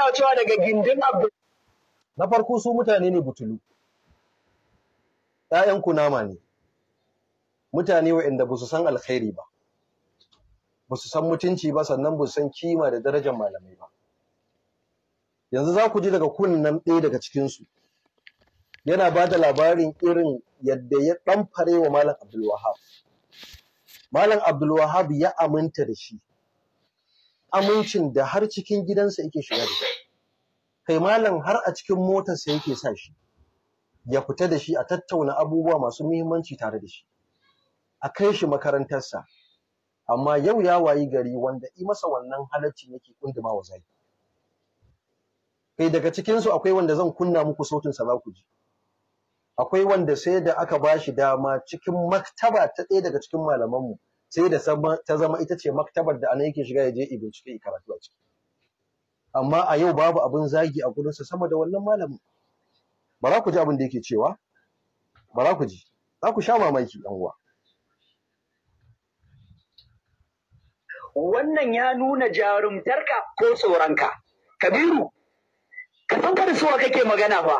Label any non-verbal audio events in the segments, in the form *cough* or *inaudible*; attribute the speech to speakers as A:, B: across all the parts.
A: yana cewa daga gindin Abdul Na farko su mutane ne butulu. ‘Ya'yan kunama ne, mutane wa’inda ba su san alkhairi ba, ba su san mutunci ba sannan ba su san kima da darajar malamai ba. Yanzu za ku ji daga kunnan ɗaya daga cikinsu, yana ba da labarin irin yadda ya ɗan fare wa Malam Abdulwahab. Malam Abdulwahab ya aminta da shi, amincin da har cikin gidansa yake shiga da shi kai malam har a cikin motarsa yake sa shi ya fita da shi a tattauna abubuwa masu muhimmanci tare da shi a kai shi makarantarsa amma yau ya wayi gari wanda i masa wannan halaccin yake kunduma wa zaki kai daga cikinsu akwai wanda zan kunna muku sautinsa za ku ji akwai wanda sai da aka ba shi dama cikin maktaba ta ɗaya daga cikin malamanmu sai da ta zama ita ce maktabar da ana yake shiga ya je bincike ya karatu a ciki amma a yau babu abin zagi a gurinsa sama da wannan malamin ba za ku ji abin da yake cewa ba za ku ji za ku sha mamaki ɗan uwa wannan ya nuna jarumtarka ko tsoronka kabiru ka san kada suwa kake magana fa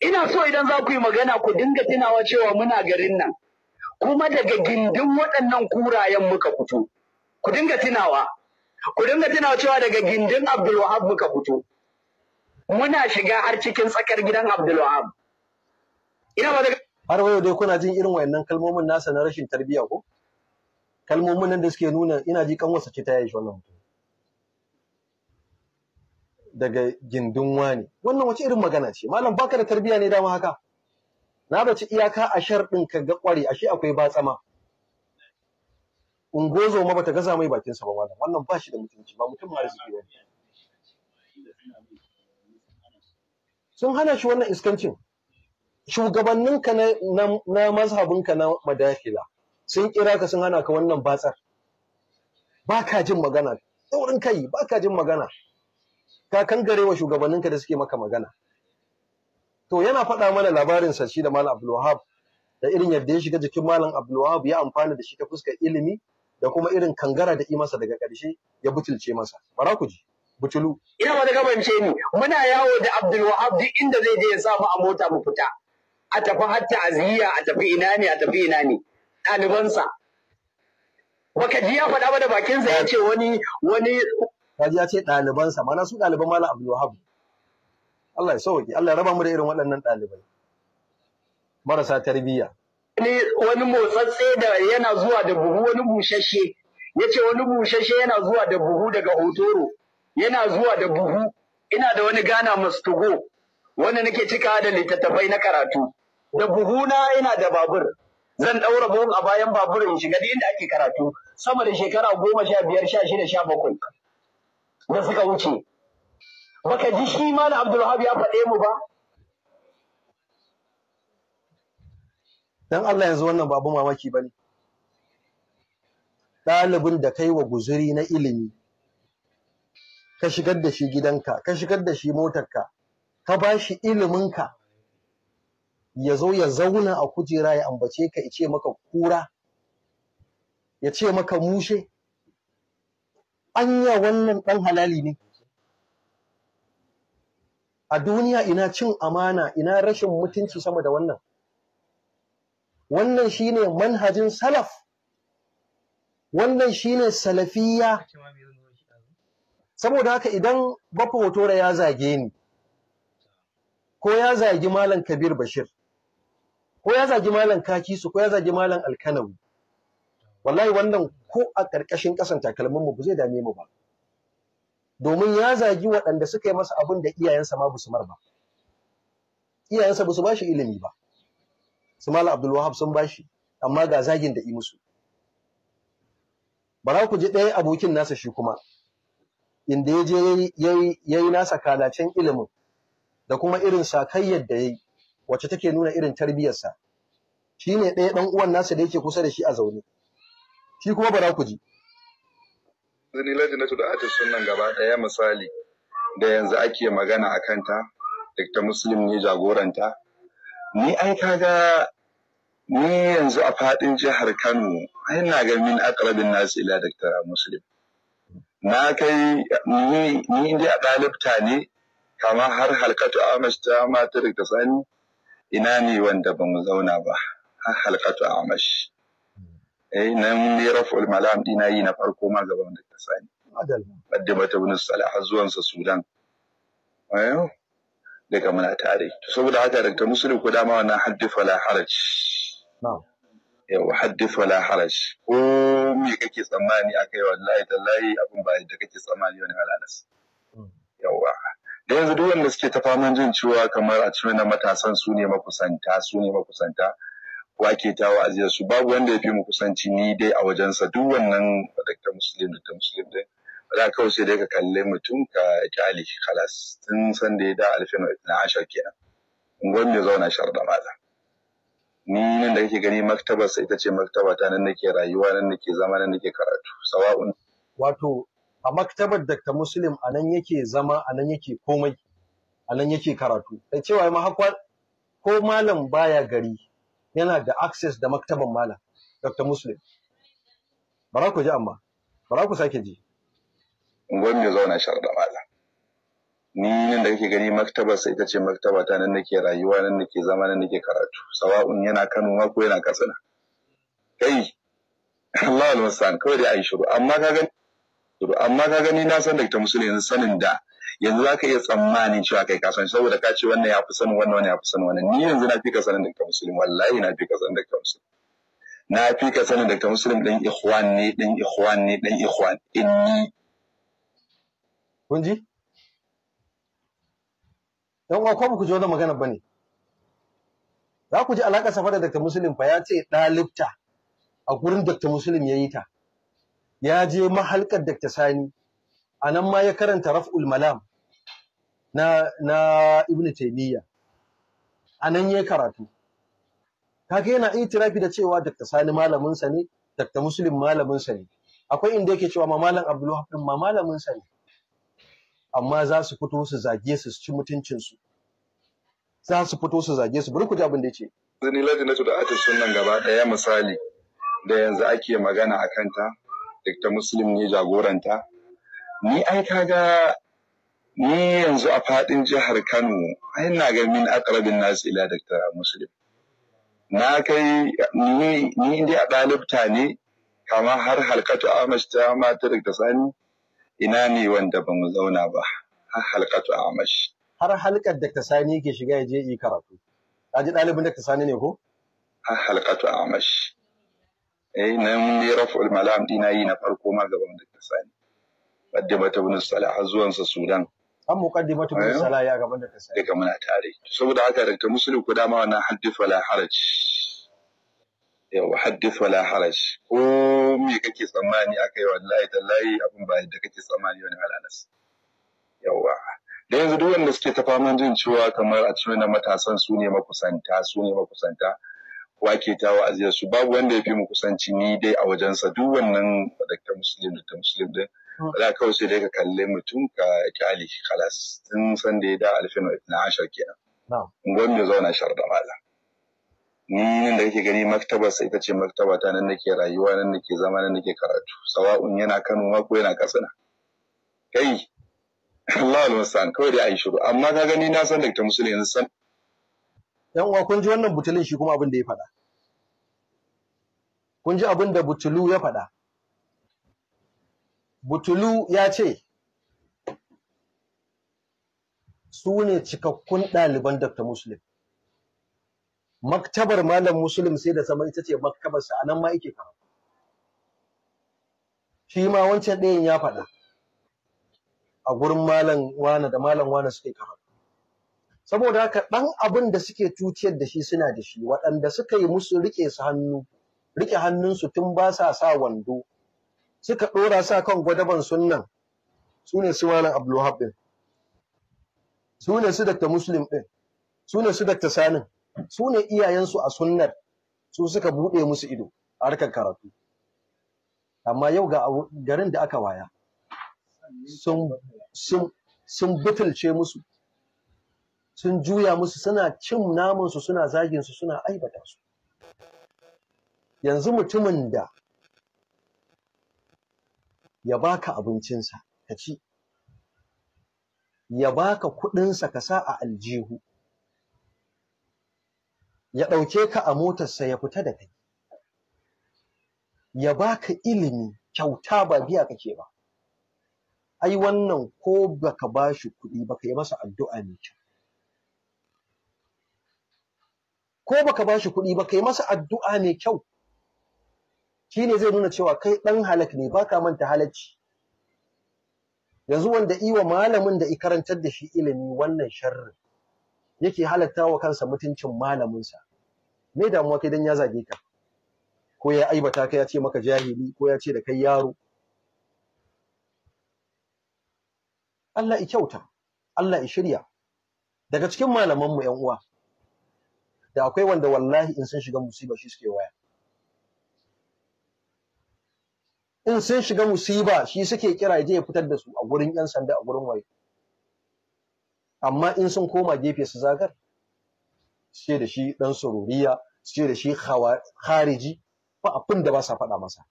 A: ina so idan za ku yi magana ku dinga tunawa cewa muna garin nan kuma daga gindin waɗannan kurayen muka fito ku dinga tunawa ku dinga tunawa cewa daga gindin Abdulwahab muka fito muna shiga har cikin tsakar gidan Abdulwahab ina ba har wayo dai kuna jin irin wayannan kalmomin nasa na rashin tarbiyya ko kalmomin nan da suke nuna ina ji kanwarsa ce ta shi wannan mutum daga gindin wani wannan wace irin magana ce malam baka da tarbiyya ne dama haka na baci iyaka a sharɗin ka ga ƙware ashe akwai batsama ungozo ma bata gaza mai bakin sa ba malam wannan ba shi da mutunci ba mutum ma arziki ba sun hana shi wannan iskancin shugabanninka na na ka na madafila sun kira ka sun hana ka wannan batsar ba ka jin magana saurin kai ba ka jin magana ka kangarewa shugabanninka da suke maka magana to yana faɗa mana labarin sa shi da malam Abdulwahab da irin yadda ya shiga jikin malam Abdulwahab ya amfana da shi ta fuskar ilimi da kuma irin kangara da masa daga ƙarshe ya butulce masa bara ku ji butulu ina ma daga bance ni muna yawo da Abdulwahab duk inda zai je ya samu a mota mu fita a tafi har ta'aziyya a tafi ina ne a tafi ina ne ɗalibansa baka ji ya faɗa ba da bakinsa ya ce wani wani kaji ya ce ɗalibansa mana su ɗaliban malam Abdulwahab Allah ya sauke Allah ya raba mu da irin waɗannan ɗalibai marasa tarbiyya wani wani motsatse da yana zuwa da buhu wani bushashe yace wani bushashe yana zuwa da buhu daga hotoro yana zuwa da buhu ina da wani gana mastugo wanda nake cika da littattafai na karatu da buhu na ina da babur zan ɗaura buhun a bayan babur in shiga duk inda ake karatu sama da shekara goma sha biyar sha shida sha bakwai da suka wuce baka ji shi malam Abdul Wahab ya faɗe mu ba dan Allah yanzu wannan babu mamaki bane ɗalibin da kai wa guzuri na ilimi ka shigar da shi gidanka ka shigar da shi motarka ka ba shi iliminka ya zo ya zauna a kujera ya ambace ka ice maka kura ya ce maka mushe anya wannan ɗan halali ne a duniya ina cin amana ina rashin mutunci sama da wannan wannan shine manhajin salaf wannan shine salafiyya saboda haka idan bafa hotora ya zage ni ko ya zagi malam kabir bashir ko ya zagi malam kakisu ko ya zagi malam alkanawi wallahi wannan ko a ƙarƙashin ƙasan takalminmu ba zai dame mu ba domin ya zagi waɗanda suka yi masa abin da iyayensa ma su mar ba iyayensa ba su ba shi ilimi ba su mala abdul wahab sun ba shi amma ga zagin da yi musu bara ku ji ɗaya abokin nasa shi kuma inda ya je ya yi nasa kalacen ilimin da kuma irin sakayyar da ya yi wacce take nuna irin tarbiyyarsa shi ne ɗaya ɗan uwan nasa da yake kusa da shi a zaune shi kuma
B: bara ku ji zini na da atis sunan gaba ɗaya misali da yanzu ake magana a kanta Dr. Muslim ne jagoranta. Ni ai kaga ni yanzu a faɗin jihar Kano ai na ga min akrabin nasu ila Dr. Muslim. Na kai ni ni inda a ɗalibta ne kama har halkatu Amash ta mata Dr. Sani ina ne wanda ba mu zauna ba har halkatu Amash. eh nan ne raful malam dina yi na farko ma gaban da ta sani madalma bata ibn salah zuwan sa sudan ayo daga muna tare to saboda haka daga ta musulun ku dama wannan haddifa la haraj na'am yawa haddifa la haraj ko me kake tsammani akai wallahi tallahi abin ba da kake tsammani wani halalas hmm. yawa da yanzu duk wanda suke ta faman jin cewa kamar a cikin na matasan su ne makusanta su ne makusanta wake ta wa'azi su babu wanda ya fi mu kusanci ni dai a wajensa duk wannan dakta muslim dakta muslim din za kawai sai dai ka kalli mutum ka kyale kalas tun san da ya da alfin na ashar kenan in ya zauna shar da maza ni nan da kake gani maktabarsa ita ce maktaba ta nan nake rayuwa nan nake zama nan nake karatu sawa'un
A: wato a maktabar dakta muslim a nan yake zama a nan yake komai a nan yake karatu da cewa ma ko malam baya gari yana da access da maktaban malam Dr. Muslim. Bara ku ji amma, bara ku sake ji.
B: Gwam ya zauna shar da malam. Ni nan da kake gani maktaba sai ita ce maktaba ta nan nake rayuwa nan nake zama nan nake karatu. Sawa'un yana Kano ma ko yana Katsina. Kai *laughs* Allah al-Musan kawai dai ayi shiru amma ka gani amma ka gani na san Dr. Muslim yanzu sanin da yanzu za ka iya tsammanin cewa kai kasan saboda ka ce wannan ya fi sanin wannan wannan ya fi sanin wannan ni yanzu na fi ka sanin dakta muslim wallahi na fi ka sanin dakta muslim na fi ka sanin dakta muslim dan ikhwan ne dan ikhwan ne dan ikhwan inni kun ji
A: dan uwa ko ku ji wannan magana bane za ku ji alaƙa safar da dakta muslim fa ya ce dalibta a gurin dakta muslim ya yi ta ya je mahalkar dakta sani a nan ma ya karanta raf'ul malam na na Ibn Taymiyyah anan yayi karatu Kake yana itirafi da cewa Dr. Sani malamin sa ne Dr. Muslim malamin sa ne akwai inda yake cewa ma malam Abdul Wahab din ma malamin sa ne amma za su fito su zage su su ci mutuncin su za su fito su zage su bari ku ji abin da yace
B: zani na da atus sunnan gaba daya misali da yanzu ake magana a kanta, Dr. Muslim ne jagoranta. Ni ai kaga ni yanzu a faɗin jihar Kano ai ina ga min aqrabin nas ila Dr. Muslim na kai ni ni inda a dalibta ne kama har halkatu Amash ta mata da Sani ina ne wanda ba mu zauna ba har halkatu Amash
A: har halkar Dr. Sani yake shiga ya je yi karatu ka ji ɗalibin Dr.
B: Sani ne ko har halkatu Amash eh nan ne raf'ul malam dina yi na farko ma gaban Dr. Sani wadda bata bin salah zuwansa Sudan
A: an muqaddimatu min sala ya gaban da ta sai daga
B: muna tare saboda haka da musulmi ku dama wannan haddith wala haraj yawa haddith wala haraj ko me kake tsammani akai wallahi tallahi abin ba da kake tsammani wani halalas yawa da yanzu duk wanda suke ta faman jin cewa kamar a cikin matasan su ne makusanta su ne makusanta wake ta aziyar su babu wanda ya fi mu kusanci ni dai a wajensa duk wannan dakta musulmi da ta muslim din za kawai sai dai ka kalli mutum ka kyale shi kalas tun san da ya da alfin na ashar kenan gwam ya zauna shar da mala ni da kake gani maktabar sai ita ce maktaba ta nan nake rayuwa nan nake zama nan nake karatu sawa'un yana Kano ma ko yana Katsina kai Allah al kawai dai ayi shiru amma ka gani na san Dr. Musulun yanzu san
A: yan uwa kun ji wannan butulin shi kuma abin da ya faɗa kun ji abin da butulu ya faɗa Butulu ya ce, su ne cikakkun ɗaliban Dr. Muslim. Maktabar Malam Muslim sai da sama ita ce maktabarsa a nan ma yake kama. Shi ma wancan ɗayan ya faɗa a gurin Malam Wana da Malam Wana suke kama. Saboda haka ɗan abin da suke tuciyar da shi suna da shi waɗanda suka yi musu riƙe riƙe hannunsu tun ba sa sa wando. suka ɗora sa kan gwadaban sunnan su ne su malam abdulwahab ɗin su ne su dakta muslim ɗin su ne su dakta sanin su ne iyayensu a sunnar su suka buɗe musu ido a harkar karatu amma yau ga garin da aka waya sun butulce musu sun juya musu suna cin namansu suna zaginsu suna aibata su yanzu mutumin da ya baka abincinsa ka ci ya baka kuɗinsa ka sa a aljihu ya ɗauke ka a motarsa ya fita da kai ya baka ilimi kyauta ba biya kake ba ai wannan ko baka bashi kuɗi baka yi masa addu'a ne kyau ko baka bashi kuɗi baka yi masa addu'a ne kyau Shi ne zai nuna cewa kai ɗan halak ne ba baka manta halacci yanzu wanda iwa malamin da ikarantar da shi ilimi wannan sharrin yake halatta wa kansa mutuncin malaminsa me damuwa kai dan ya zage ka ko ya aibata ka ya ce maka jahili ko ya ce da kai yaro Allah i kyauta Allah i shirya daga cikin malamanmu ‘yan uwa, da akwai wanda wallahi in sun shiga musiba shi suke waya. in sun shiga musiba shi suke kira je ya fitar da su a gurin yan sanda a gurin waye amma in sun koma gefe su zagar ce da shi dan sururiya ce da shi khariji ba abin da ba sa faɗa masa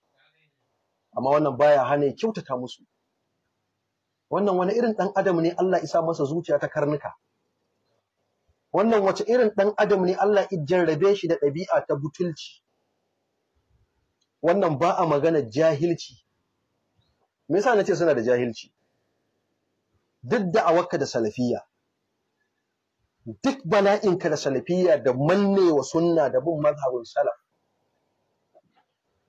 A: amma wannan baya hana kyautata musu wannan wani irin dan adam ne Allah isa masa zuciya ta karnuka wannan wace irin dan adam ne Allah ya jarrabe shi da ɗabi'a ta butulci wannan ba a magana jahilci me yasa nace suna da jahilci duk da awakka da salafiyya duk bala'inka da salafiyya da mannewa sunna da bin mazhabin salaf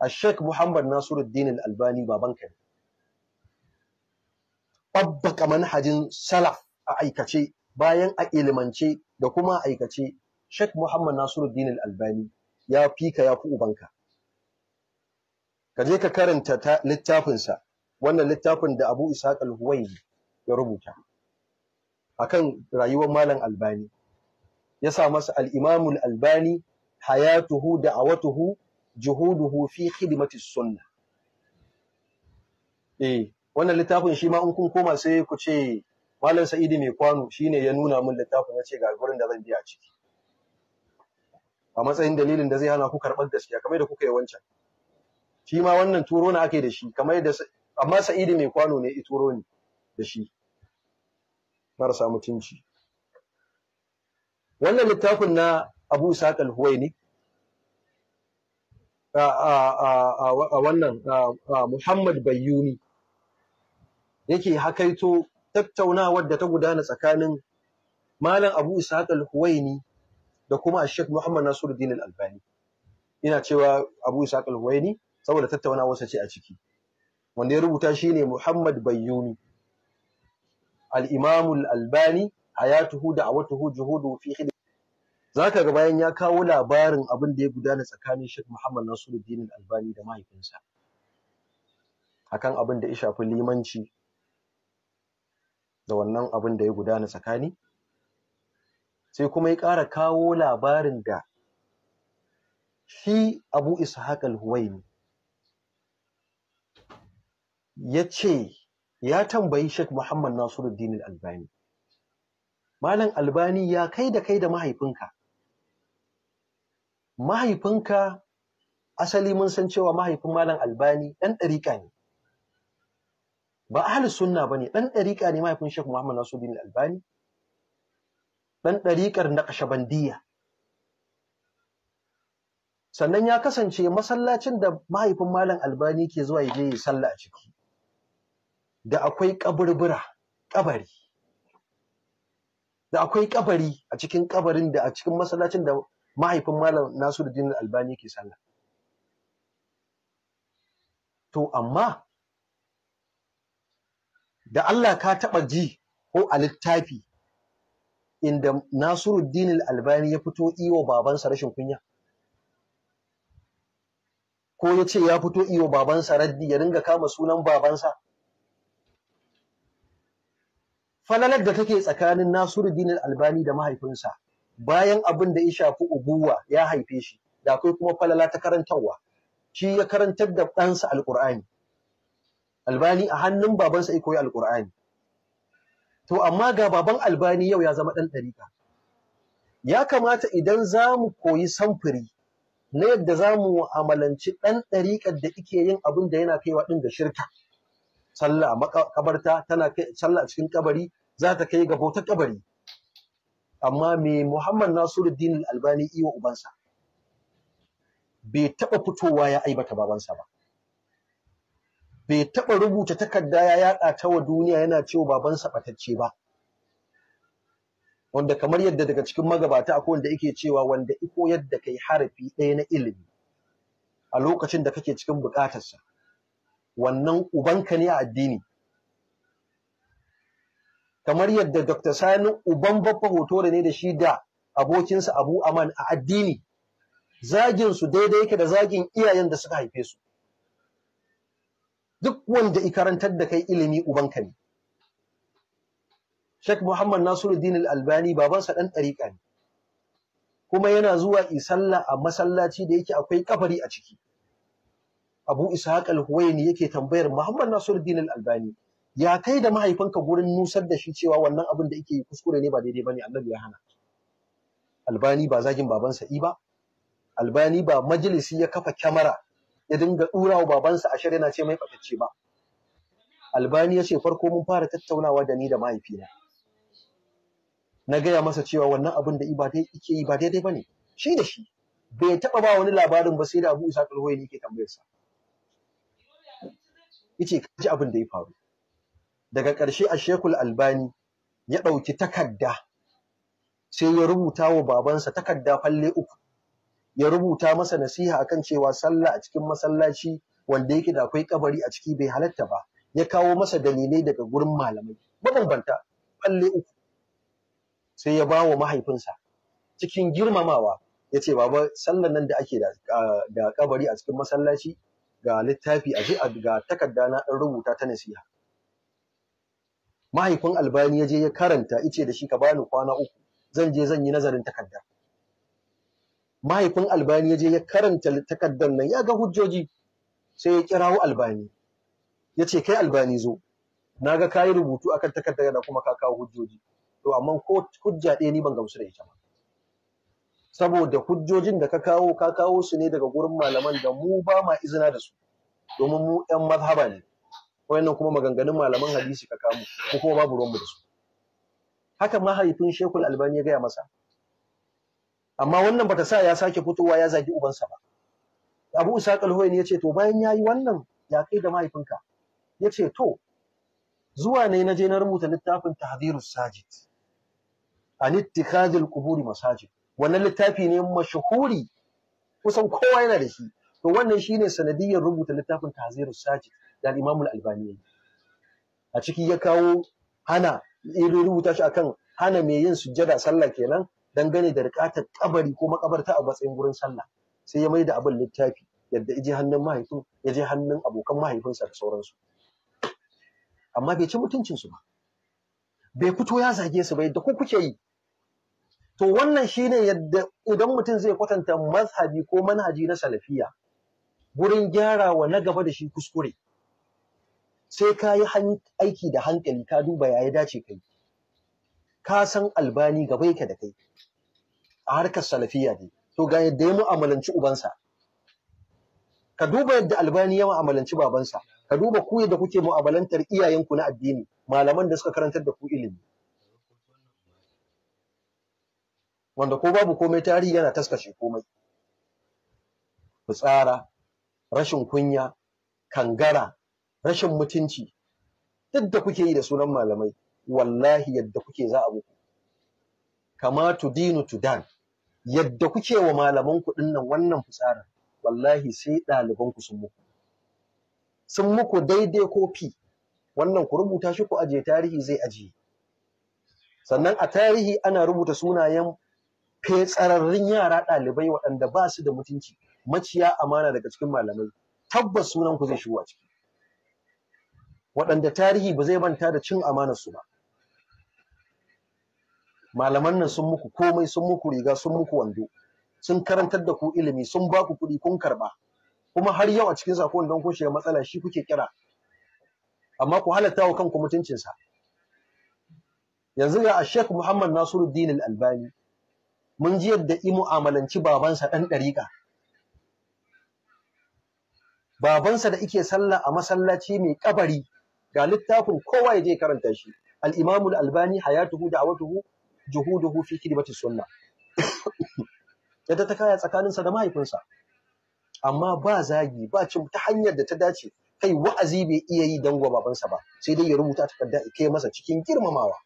A: Sheikh Muhammad Nasiruddin Al-Albani babanka ne babbaka manhajin salaf a aikace bayan a ilimance da kuma a aikace Sheikh Muhammad Nasiruddin Al-Albani ya fika ya fi ubanka ka je ka karanta littafinsa wannan littafin da Abu Ishaq al ya rubuta akan rayuwar Malam Albani ya sa masa al-Imam al-Albani hayatuhu da'awatuhu juhuduhu fi khidmati sunnah eh wannan littafin shi ma in kun koma sai ku ce Malam Sa'idi mai kwano shine ya nuna min littafin ya ce ga gurin da zan biya ciki a matsayin dalilin da zai hana ku karɓar gaskiya kamar da kuka yi wancan shi ma wannan turo na ake da shi kamar yadda amma Sa'idu mai kwano ne i turo ne da shi marasa mutunci wannan littafin na Abu Saqal Huwaini a a wannan Muhammad Bayyumi yake hakaito tattaunawar da ta gudana tsakanin Malam Abu Ishaq al-Huwaini da kuma Sheikh Muhammad Nasiruddin al-Albani ina cewa Abu Ishaq al-Huwaini saboda tattaunawarsa ce a ciki wanda ya rubuta shine Muhammad Bayyuni al-Imam al-Albani hayatuhu awatuhu juhudu fi khidmat zaka ga bayan ya kawo labarin abin da ya gudana tsakanin Sheikh Muhammad Nasiruddin al-Albani da mahaifinsa akan abin da ya shafi limanci da wannan abin da ya gudana tsakani sai kuma ya ƙara kawo labarin da shi Abu Ishaq al-Huwaini ya ce ya tambayi Sheikh Muhammad Nasiruddin Albani Malam Albani ya kai da kai da mahaifinka mahaifinka asali mun san cewa mahaifin Malam Albani ɗan ɗariƙa ne ba ahli sunna bane ɗan ɗariƙa ne mahaifin Sheikh Muhammad Nasiruddin Albani ɗan ɗariƙar Naqshbandiyya sannan ya kasance masallacin da mahaifin Malam Albani ke zuwa yaje ya sallah a ciki da akwai kaburbura kabari da akwai kabari a cikin ƙabarin da a cikin masallacin da mahaifin malam Nasiruddin Albani ke sallah to amma da Allah ka taɓa ji ko a littafi inda Nasiruddin Albani ya fito iwo babansa rashin kunya ko ya ce ya fito iwo babansa raddi ya ringa kama sunan babansa falalar da take tsakanin Nasiru Nasiruddin Albani da mahaifinsa bayan abin da ya shafi ubuwa ya haife shi da akwai kuma falala ta karantarwa shi ya karantar da ɗansa alƙur'ani albani a hannun babansa ya koyi alƙur'ani to amma ga baban albani yau ya zama ɗan ɗariƙa ya kamata idan za mu koyi samfuri na yadda za mu mu'amalanci ɗan ɗariƙar da ike yin abin da yana kaiwa ɗin da shirka sallah makabarta tana sallah cikin kabari za ta kai ga bautar kabari amma me Muhammad Nasiruddin Albani iwa ubansa bai taba fitowa ya aibata babansa ba bai taɓa rubuta takarda ya yaɗa ta wa duniya yana cewa babansa batacce ba wanda kamar yadda daga cikin magabata akwai wanda yake cewa wanda iko yadda kai harafi ɗaya na ilimi a lokacin da kake cikin bukatarsa wannan ubanka ne a addini kamar yadda Dr. Sani uban baffa da ne da shi da abokinsa Abu Aman a addini zagin su daidai yake da zagin iyayen da suka haife su duk wanda ikarantar da kai ilimi ubanka ne Sheikh Muhammad Nasiruddin Al-Albani babansa ɗan ɗariƙa ne kuma yana zuwa isalla a masallaci da yake akwai kafari a ciki Abu Ishaq Al-Huwaini yake tambayar Muhammad Nasiruddin Al-Albani ya kai da mahaifinka gurin nusar da shi cewa wannan abin da yake kuskure ne ba daidai bane annabi ya hana albani ba zagin babansa i ba albani ba majalisi ya kafa kyamara ya dinga dura wa babansa a shirya na ce mai fatacce ba albani ya ce farko mun fara tattaunawa da ni da mahaifina na gaya masa cewa wannan abin da iba dai yake yi ba daidai bane shi da shi bai taba ba wani labarin ba sai da Abu Isa Kalhoyi yake tambayar sa yace kaji abin da ya faru daga ƙarshe a shekul albani ya ɗauki takarda sai ya rubuta wa babansa takarda falle uku ya rubuta masa nasiha a kan cewa sallah a cikin masallaci wanda yake da akwai kabari a ciki bai halatta ba ya kawo masa dalilai daga gurin malamai mabambanta falle uku sai ya bawa mahaifinsa cikin girmamawa ya ce baba sallan nan da ake da ah, kabari a cikin masallaci ga littafi a ga takarda na ɗan rubuta ta nasiha mahaifin albani ya je ya karanta ice da shi ka bani kwana uku zan je zan yi nazarin takarda mahaifin albani ya je ya karanta takardar nan ya ga hujjoji sai ya kirawo albani ya ce kai albani zo na ga kayi rubutu akan takardar yana kuma ka kawo hujjoji to amma ko hujja ɗaya ni ban gamsu da ita ba saboda hujjojin da ka kawo ka kawo su ne daga gurin malaman da mu ba ma izina da su domin mu 'yan mazhaba ne wannan kuma maganganun malaman hadisi ka kamu ko kuma babu ruwan da su haka mahaifin shekul albani ya gaya masa amma wannan bata sa ya sake fitowa ya zagi ubansa ba abu usaq al ya yace to bayan yayi wannan ya kai da mahaifinka ya ce to zuwa ne na je na rubuta littafin tahdhirus sajid an ittikhadil quburi masajid wannan littafi ne mashhuri kusan kowa yana da shi to wannan shine sanadiyar rubuta littafin tahdhirus sajid dan imamul albani a ciki ya kawo hana irin rubuta shi akan hana mai yin sujjada sallah kenan dangane da rikatar kabari ko makabarta a matsayin gurin sallah sai ya mai da abin littafi yadda ije hannun mahaifin ya je hannun abokan mahaifinsa da sauransu amma bai ci mutuncinsu ba bai fito ya zage su ba yadda ku kuke yi to wannan shine yadda idan mutum zai kwatanta mazhabi ko manhaji na salafiya gurin gyara wa na gaba da shi kuskure sai ka yi aiki da hankali ka duba ya ya dace kai ka san albani ga baika da kai a harkar salafiya ne to ga yadda ya mu'amalanci ubansa ka duba yadda albani ya mu'amalanci babansa ka duba ku yadda kuke mu'amalantar iyayenku na addini malaman da suka karantar da ku ilimi wanda ko babu komai tarihi yana taskace komai fitsara rashin kunya kangara rashin mutunci duk da kuke yi da sunan malamai wallahi yadda kuke za a muku kama tu Dan yadda kuke wa malaman ku nan wannan fitsarin wallahi sai ɗalibanku ku sun muku sun muku daidai ko fi wannan ku rubuta shi ku aje tarihi zai ajiye sannan a tarihi ana rubuta sunayen fetsararrun yara ɗalibai waɗanda ba su da mutunci maciya amana daga cikin malamai tabbas sunan ku zai shigo a ciki waɗanda tarihi ba zai manta da cin amanarsu ba malaman nan sun muku komai sun muku riga sun muku wando sun karantar da ku ilimi sun ba ku kuɗi kun karɓa kuma har yau a cikin sakon don kun shiga matsala shi kuke kira amma ku halatta wa kanku mutuncinsa yanzu ga a Sheikh Muhammad Nasiruddin Al-Albani mun ji yadda i mu'amalanci babansa ɗan ɗariƙa babansa da ike sallah a masallaci mai ƙabari. ga littafin kowa ya je karanta shi al imamul al-Albani hayatuhu da'watuhu juhuduhu fi khidmati sunna yadda ta kaya tsakaninsa da mahaifinsa amma ba zagi ba cin ta hanyar da ta dace kai wa'azi bai iya yi dangwa babansa ba sai dai ya rubuta takarda ya kai masa cikin girmamawa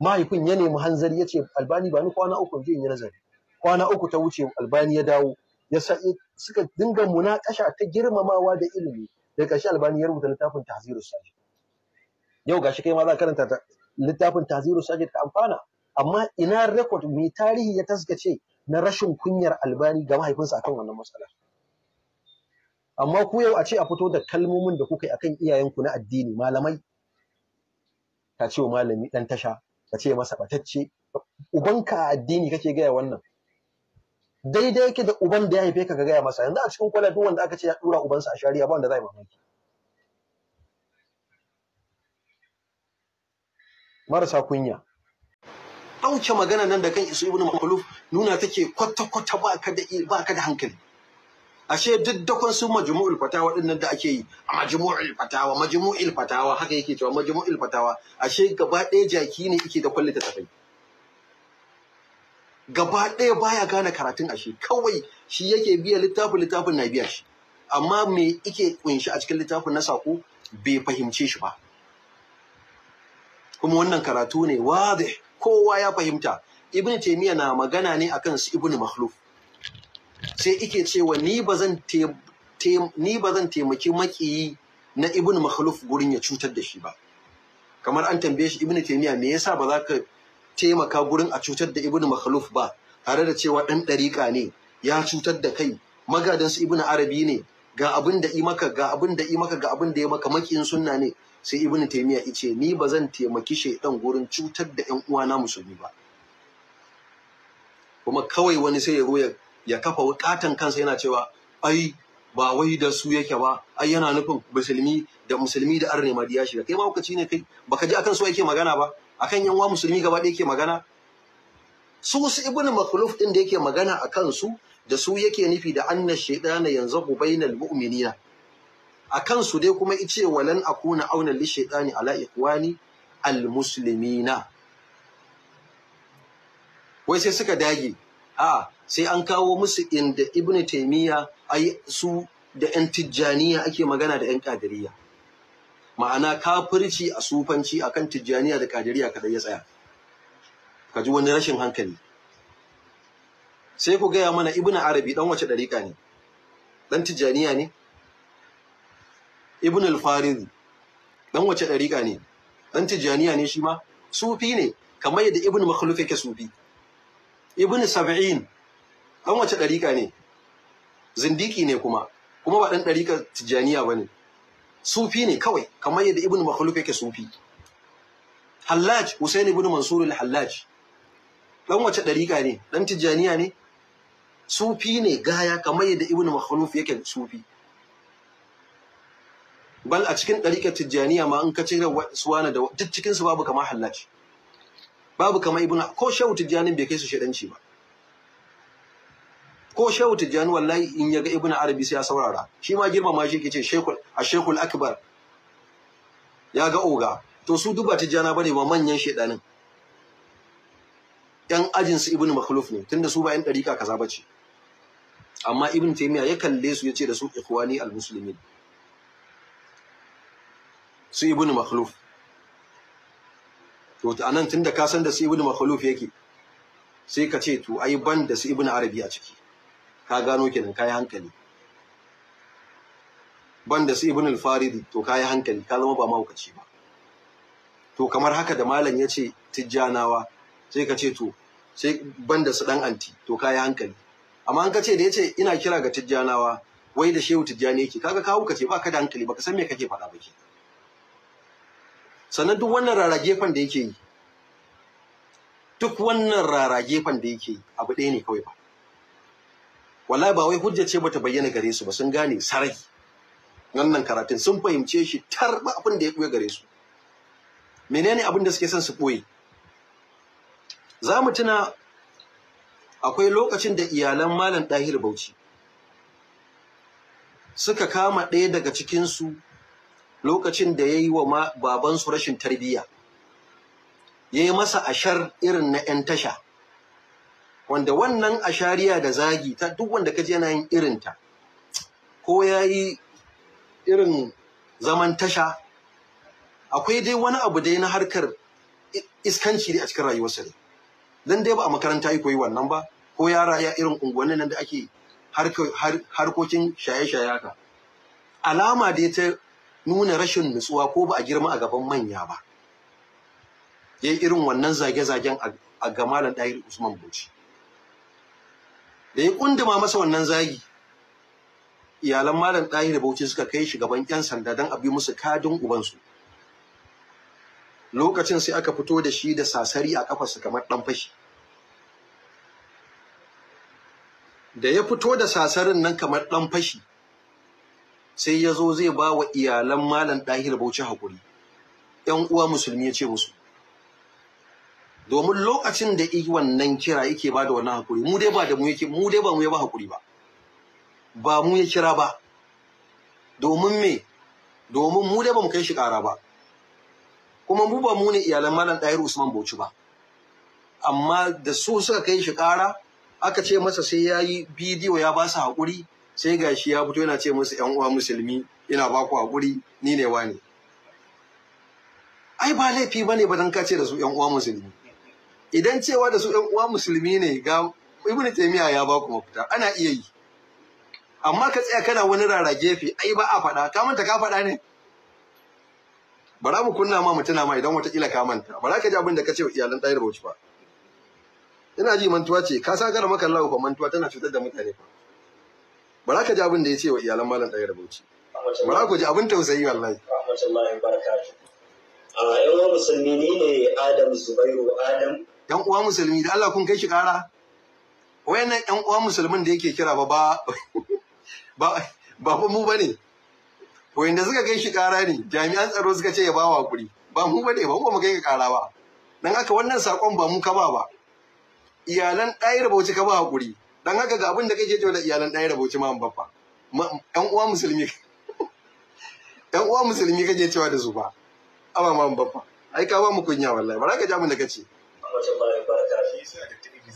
A: mahaifin ya nemi hanzari ya ce albani ba ni kwana uku je in yi nazari kwana uku ta wuce albani ya dawo ya suka dinga munakasha ta girmamawa da ilimi da ƙarshe albani ya rubuta littafin tahzirus sajid yau gashi kai ma za ka karanta littafin tahzirus sajid ka amfana amma ina record mai tarihi ya taskace na rashin kunyar albani ga mahaifinsa akan wannan matsalar amma ku yau a ce a fito da kalmomin da kuka yi akan iyayenku na addini malamai ka ce wa malami dan tasha ka ce masa batacce ubanka a addini kake gaya wannan daidai yake da uban da ya haife ka gaya masa yanzu a cikin kwala duk wanda aka ce ya dura ubansa a shari'a ba wanda zai mamaki marasa kunya ɗauke magana nan da kan isu ibnu makluf nuna take kwata kwata ba ka da hankali ashe duk dakon su majmu'ul fatawa din nan da ake yi a majmu'ul fatawa majmu'ul fatawa haka yake cewa majmu'ul fatawa ashe gaba ɗaya jaki ne yake da kwallita tafai gaba ɗaya baya gane karatun ashe kawai shi yake biya littafin littafin na biya shi amma me ike kunshi a cikin littafin na sako bai fahimce shi ba kuma wannan karatu ne wadih kowa ya fahimta ibn taymiya na magana ne akan su ibn Mahluf. sai ike cewa ni ba zan taimaki makiyi na ibn Mahluf gurin ya cutar da shi ba kamar an tambaye shi ibn taymiya me yasa ba za ka taimaka gurin a cutar da ibnu makhluf ba tare da cewa ɗan ɗariƙa ne ya cutar da kai su ibnu arabi ne ga abin da maka ga abin da maka ga abin da ya maka makiyin sunna ne sai ibnu taymiya ice ni ba zan taimaki shaidan gurin cutar da ƴan uwana musulmi ba kuma kawai wani sai ya goya ya kafa wukatan kansa yana cewa ai ba wai da su yake ba ai yana nufin musulmi da musulmi da arne ma ya shiga kai ma ne kai baka ji akan su yake magana ba akan yan musulmi gaba ɗaya yake magana su su ibn makhluf din da yake magana a kansu da su yake nufi da anna shaytana yanzahu bainal mu'minina a kansu dai kuma ice walan akuna auna li shaytani ala ikhwani al muslimina wai sai suka dage a sai an kawo musu inda ibn taymiya ai su da yan tijjaniya ake magana da yan qadiriyya ma'ana kafirci a sufanci akan tijjaniya da kadiriya kadai ya tsaya ka ji wani rashin hankali sai ku gaya mana ibnu arabi dan wace dariƙa ne dan tijjaniya ne ibnu al-farid dan wace dariƙa ne dan tijjaniya ne shi ma sufi ne kamar yadda ibnu makhluf yake sufi ibnu sab'in dan wace dariƙa ne zindiki ne kuma kuma ba dan dariƙa tijjaniya bane sufi ne kawai kamar yadda ibn makhluf yake sufi hallaj husain ibn mansur al-hallaj dan wace dariƙa ne dan Tijaniya ne sufi ne gaya kamar yadda ibn makhluf yake sufi bal a cikin dariqar Tijaniya ma in ka cire suwana da duk cikinsu babu kamar hallaj babu kama ibn ko shehu tijanin bai kai su shedanci ba ko shehu tijjani wallahi in yaga ibnu arabi sai ya saurara shi ma girmama shi ce, shekul ashekul akbar ya ga oga to su duba tijjana bane ba manyan shedanin yan ajin su ibnu makhluf ne tunda su ba yan dariƙa kaza bace amma ibnu taymiya ya kalle su yace da su ikhwani almuslimin su ibnu makhluf to anan tunda ka san da su ibnu makhluf yake sai ka ce to ai ban da su ibnu arabi a ciki ka gano kenan kayi hankali banda su ibn al-faridi to kayi hankali ka zama ba mahaukaci ba to kamar haka da malam ya ce tijjanawa sai ka ce to sai banda su dan anti to kayi hankali amma an ka ce da ya ce ina kira ga tijjanawa wai da shehu tijjani yake kaga kawo ka ce ba ka da hankali ba ka san me kake faɗa ba ke sannan duk wannan fan da yake yi duk wannan fan da yake yi abu ɗaya ne kawai ba wallahi ba wai hujja ce bata bayyana gare su ba sun gane sarai wannan karatun sun fahimce shi tar ba abin da ya ɓoye gare su menene abin da suke son su koyi? za mu tuna akwai lokacin da iyalan malam ɗahir bauchi suka kama ɗaya daga cikinsu lokacin da ya yi wa babansu rashin tarbiyya ya yi masa ashar irin na 'yan tasha wanda wannan ashariya da zagi ta duk wanda kaji yana yin irinta ko ya yi irin zaman tasha akwai dai wani abu dai na harkar iskanci ne a cikin rayuwarsa ne don dai ba a makaranta yi koyi wannan ba ko ya raya irin unguwannin nan da ake harkokin shaye-shaye haka alama dai ta nuna rashin nutsuwa ko ba a girma a gaban manya ba yayi irin wannan zage-zagen a gamalan ɗahir Usman Bauchi da ya kunduma masa wannan zagi iyalan malam ɗahir da bauchi suka kai shi gaban 'yan sanda don a bi musu kadin ubansu lokacin sai aka fito da shi da sasari a kafarsa kamar ɗan fashi da ya fito da sasarin nan kamar ɗan fashi sai ya zo zai ba wa iyalan malam ɗahir bauchi hakuri, ƴan uwa musulmi ya ce musu domin lokacin da yi wannan kira yake ba da wannan haƙuri, mu dai ba da mu yake mu dai ba mu ya ba ba ba mu ya kira ba domin me domin mu dai ba mu kai shi ƙara ba kuma mu ba mu ne iyalan malam ɗayar usman bauchi ba amma da su suka kai shi ƙara aka ce masa sai ya yi bidiyo ya ba su haƙuri sai gashi ya fito yana ce masa ‘yan uwa musulmi ina ba ku haƙuri ni ne wa ne ai ba laifi ba ne ba don ka ce da su ‘yan uwa musulmi idan cewa da su ƴan uwa musulmi ne ga ibn taimiyya ya ba ku mafita ana iya yi amma ka tsaya kana wani rara gefe ai ba a faɗa ka manta ka faɗa ne bara mu kunna ma mu tuna ma idan wata kila ka manta bara ka ji abin da ka ce wa iyalan ɗaya da bauchi ba ina ji mantuwa ce ka sa gara maka lawa ko mantuwa tana cutar da mutane fa bara ka ji abin da ya ce wa iyalan malam ɗaya da bauchi bara ku ji abin tausayi wallahi rahmatullahi barakatuh
B: a ah, yawan musulmi ne Adam Zubairu
A: Adam yan uwa musulmi da Allah kun kai shi kara wayannan yan uwa musulmin da yake kira ba ba ba mu bane wayanda suka kai shi kara ne jami'an tsaro suka ce ya ba wa hakuri ba mu bane ba mu kai ka kara ba dan haka wannan sakon ba mu ka ba ba iyalan ɗaya rabauci ka ba hakuri dan haka ga abin da kake cewa da iyalan ɗaya rabauci ma babba yan uwa musulmi *laughs* yan uwa musulmi kake cewa da su ba aba ma babba ai ka ba mu kunya wallahi ba za ka ja mu da kace warahmatullahi wabarakatuh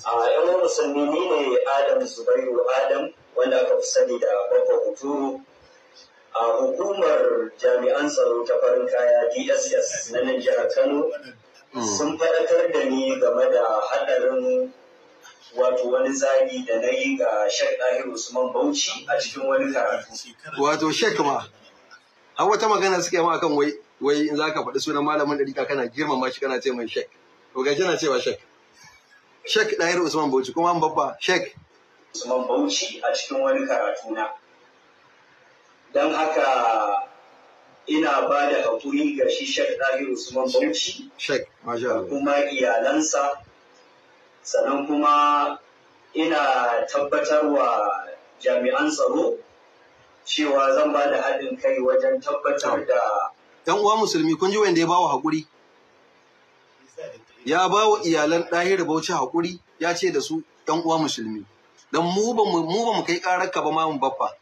A: a yan musulmi ni ne adam zubairu adam wanda aka fi sani da babba huturu a hukumar jami'an tsaro ta farin kaya dss na nan jihar kano sun faɗakar da ni game da haɗarin wato wani zagi da na yi ga shek ɗahir usman bauchi a cikin wani karatu wato shek ma an wata magana suke ma akan wai wai in za ka faɗi sunan malamin ɗarika kana girmama shi kana ce mai shek to gaje na cewa shek shek ɗayar usman bauchi kuma an babba shek
B: usman bauchi a cikin wani karatu na don haka
A: ina ba da haƙuri ga shi shek ɗayar usman bauchi shek kuma iyalansa sannan kuma
B: ina tabbatarwa jami'an tsaro
A: cewa zan ba da haɗin kai wajen tabbatar da. Ɗan uwa musulmi kun ji wanda ya bawa haƙuri? ya ba wa iyalan ɗahir bauchi haƙuri ya ce da su ɗan uwa musulmi don mu ba mu kai ƙarar ka ba ma mu baffa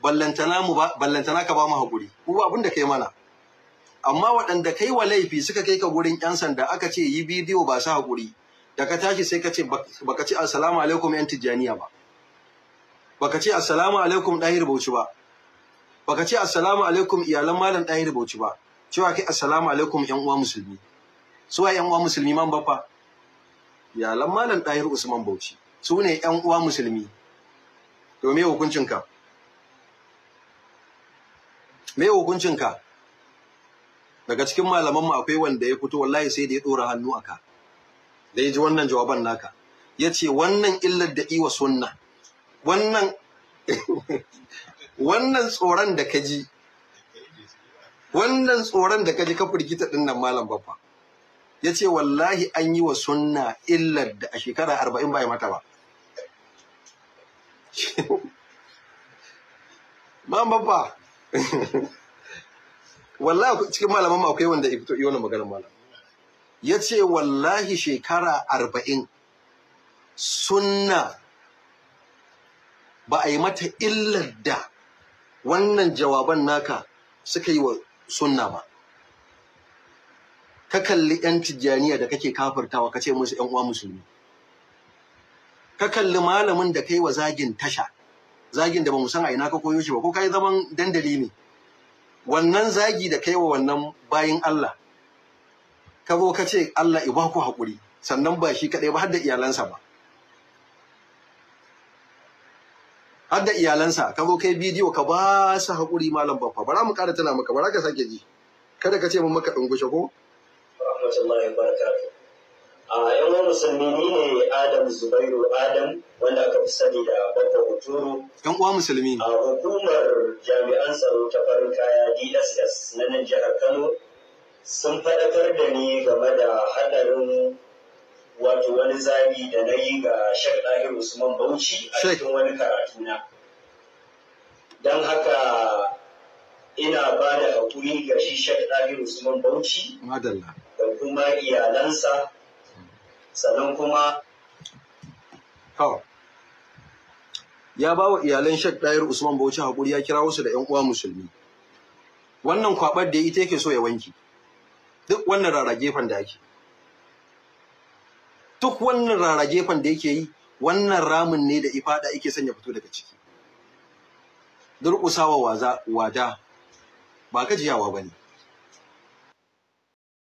A: ballantana ka ba mu haƙuri ko abin da kai mana amma waɗanda kai wa laifi suka kai ka gurin ƴan sanda aka ce yi bidiyo ba su haƙuri da ka tashi sai ka ce baka ce assalamu alaikum ƴan tijjaniya ba baka ce assalamu alaikum ɗahir bauchi ba baka ce assalamu alaikum iyalan malam ɗahir bauchi ba cewa kai assalamu alaikum ƴan uwa musulmi su yan uwa musulmi man bafa? iyalan malam ɗahir usman bauchi su ne yan uwa musulmi to me hukuncinka me hukuncinka daga cikin malaman mu akwai wanda ya fito wallahi sai da ya dora hannu aka da ya ji wannan jawaban naka ya ce wannan illar da iwa sunna wannan *laughs* wannan tsoron da ka ji wannan tsoron da ka ji ka firgita ɗin nan malam bafa. ya ce wallahi an yi wa sunna illar da a shekara arba'in ba mata ba *laughs* ma'am babba *laughs* wallahi cikin malaman ma akwai wanda ifto iya wannan maganar malam ya ce wallahi shekara arba'in sunna ba a yi mata illar da wannan jawaban naka suka yi wa sunna ba ka kalli yan tijjaniya da kake kafirtawa ka ce musu yan uwa musulmi ka kalli malamin da kai wa zagin tasha zagin da ba mu san a ina ka koyo shi ba ko kai zaman dandali ne wannan zagi da kai wa wannan bayin Allah ka zo ka ce Allah iba ku haƙuri sannan ba shi kaɗai ba har da iyalansa ba har da iyalansa ka zo kai bidiyo ka ba su haƙuri malam baffa bara mu ƙara tana maka bara ka sake ji kada ka ce mun maka dungushe ko
B: rahmatullahi a yan wani musulmi ni ne adam zubairu adam wanda aka fi sani da
A: bakwa yan uwa musulmi a hukumar jami'an tsaro ta farin kaya dss na nan jihar kano sun faɗakar da ni game da haɗarin wato wani zabi da na yi ga shek ɗahir usman bauchi a cikin wani karatu na don haka ina ba da haƙuri ga shi shek ɗahir usman bauchi madalla kuma iyalansa sannan kuma ya ba wa iyalan shek ɗayar usman bauchi haƙuri ya kira wasu da yan uwa musulmi wannan kwabar da ita yake so ya wanki duk wannan rara gefen da ake duk wannan rara gefen da yake yi wannan ramin ne da ifada yake son ya fito daga ciki durƙusawa waza wada ba gajiyawa bane